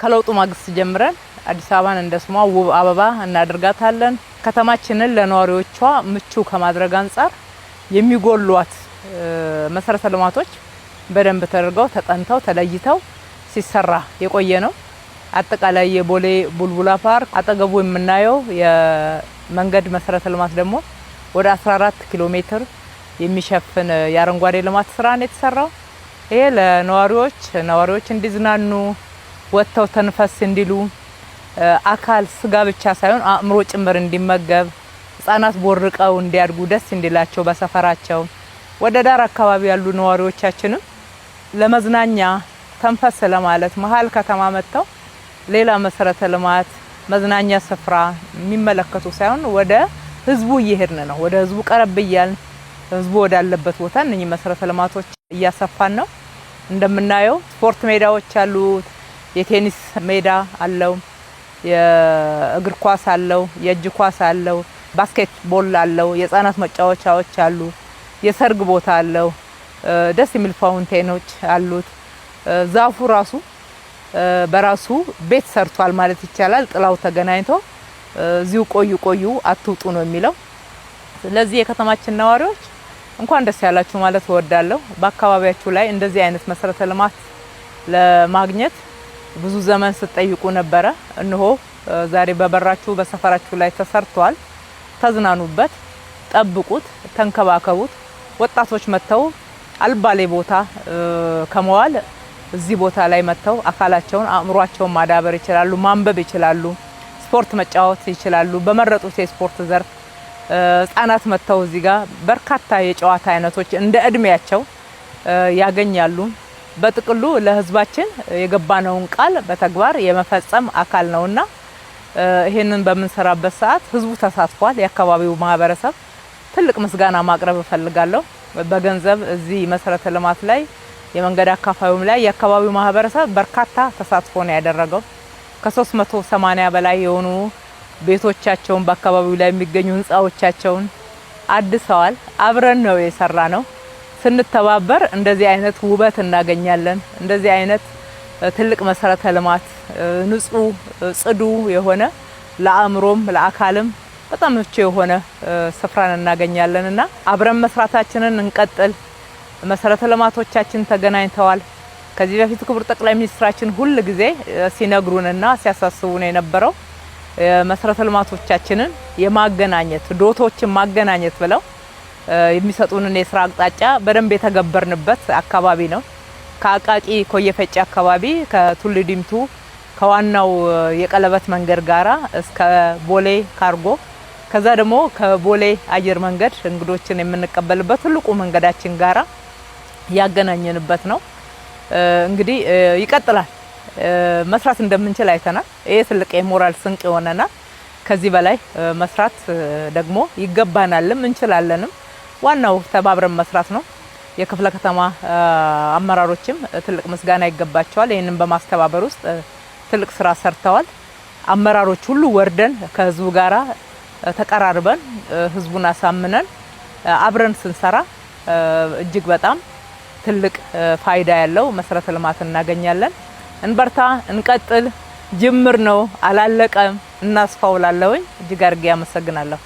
ከለውጡ ማግስት ጀምረን አዲስ አበባን እንደ ስሟ ውብ አበባ እናደርጋታለን። ከተማችንን ለነዋሪዎቿ ምቹ ከማድረግ አንጻር የሚጎሏት መሰረተ ልማቶች በደንብ ተደርገው ተጠንተው ተለይተው ሲሰራ የቆየ ነው። አጠቃላይ የቦሌ ቡልቡላ ፓርክ አጠገቡ የምናየው የመንገድ መሰረተ ልማት ደግሞ ወደ 14 ኪሎ ሜትር የሚሸፍን የአረንጓዴ ልማት ስራ ነው የተሰራው። ይሄ ለነዋሪዎች ነዋሪዎች እንዲዝናኑ ወጥተው ተንፈስ እንዲሉ አካል ስጋ ብቻ ሳይሆን አእምሮ ጭምር እንዲመገብ ህጻናት ቦርቀው እንዲያድጉ ደስ እንዲላቸው በሰፈራቸው ወደ ዳር አካባቢ ያሉ ነዋሪዎቻችንም ለመዝናኛ ተንፈስ ለማለት መሀል ከተማ መጥተው ሌላ መሰረተ ልማት መዝናኛ ስፍራ የሚመለከቱ ሳይሆን ወደ ህዝቡ እየሄድን ነው። ወደ ህዝቡ ቀረብ እያልን ህዝቡ ወዳለበት ቦታ እነኚህ መሰረተ ልማቶች እያሰፋን ነው። እንደምናየው ስፖርት ሜዳዎች አሉት። የቴኒስ ሜዳ አለው፣ የእግር ኳስ አለው፣ የእጅ ኳስ አለው፣ ባስኬት ቦል አለው፣ የህፃናት መጫወቻዎች አሉ፣ የሰርግ ቦታ አለው፣ ደስ የሚል ፋውንቴኖች አሉት። ዛፉ ራሱ በራሱ ቤት ሰርቷል ማለት ይቻላል። ጥላው ተገናኝቶ እዚሁ ቆዩ ቆዩ አትውጡ ነው የሚለው። ስለዚህ የከተማችን ነዋሪዎች እንኳን ደስ ያላችሁ ማለት እወዳለሁ። በአካባቢያችሁ ላይ እንደዚህ አይነት መሰረተ ልማት ለማግኘት ብዙ ዘመን ስትጠይቁ ነበረ። እንሆ ዛሬ በበራችሁ በሰፈራችሁ ላይ ተሰርቷል። ተዝናኑበት፣ ጠብቁት፣ ተንከባከቡት። ወጣቶች መጥተው አልባሌ ቦታ ከመዋል እዚህ ቦታ ላይ መጥተው አካላቸውን አእምሯቸውን ማዳበር ይችላሉ፣ ማንበብ ይችላሉ፣ ስፖርት መጫወት ይችላሉ። በመረጡት የስፖርት ዘርፍ ህጻናት መጥተው እዚህ ጋር በርካታ የጨዋታ አይነቶች እንደ እድሜያቸው ያገኛሉ። በጥቅሉ ለህዝባችን የገባነውን ቃል በተግባር የመፈጸም አካል ነውና ይህንን በምንሰራበት ሰዓት ህዝቡ ተሳትፏል። የአካባቢው ማህበረሰብ ትልቅ ምስጋና ማቅረብ እፈልጋለሁ። በገንዘብ እዚህ መሰረተ ልማት ላይ የመንገድ አካፋዩም ላይ የአካባቢው ማህበረሰብ በርካታ ተሳትፎ ነው ያደረገው። ከ380 በላይ የሆኑ ቤቶቻቸውን በአካባቢው ላይ የሚገኙ ህንፃዎቻቸውን አድሰዋል። አብረን ነው የሰራ ነው። ስንተባበር እንደዚህ አይነት ውበት እናገኛለን። እንደዚህ አይነት ትልቅ መሰረተ ልማት ንጹህ፣ ጽዱ የሆነ ለአእምሮም ለአካልም በጣም ምቹ የሆነ ስፍራን እናገኛለን እና አብረን መስራታችንን እንቀጥል። መሰረተ ልማቶቻችን ተገናኝተዋል። ከዚህ በፊት ክቡር ጠቅላይ ሚኒስትራችን ሁል ጊዜ ሲነግሩንና ሲያሳስቡን የነበረው መሰረተ ልማቶቻችንን የማገናኘት ዶቶችን ማገናኘት ብለው የሚሰጡንን የስራ አቅጣጫ በደንብ የተገበርንበት አካባቢ ነው። ከአቃቂ ኮየ አካባቢ ከቱልዲምቱ ዲምቱ ከዋናው የቀለበት መንገድ ጋራ እስከ ቦሌ ካርጎ ከዛ ደግሞ ከቦሌ አየር መንገድ እንግዶችን የምንቀበልበት ትልቁ መንገዳችን ጋራ ያገናኘንበት ነው። እንግዲህ ይቀጥላል። መስራት እንደምንችል አይተናል። ይሄ ትልቅ የሞራል ስንቅ የሆነናል። ከዚህ በላይ መስራት ደግሞ ይገባናልም እንችላለንም። ዋናው ተባብረን መስራት ነው። የክፍለ ከተማ አመራሮችም ትልቅ ምስጋና ይገባቸዋል። ይህንን በማስተባበር ውስጥ ትልቅ ስራ ሰርተዋል። አመራሮች ሁሉ ወርደን ከህዝቡ ጋራ ተቀራርበን ህዝቡን አሳምነን አብረን ስንሰራ እጅግ በጣም ትልቅ ፋይዳ ያለው መሰረተ ልማት እናገኛለን። እንበርታ፣ እንቀጥል። ጅምር ነው፣ አላለቀም። እናስፋውላለሁኝ። እጅግ አድርጌ አመሰግናለሁ።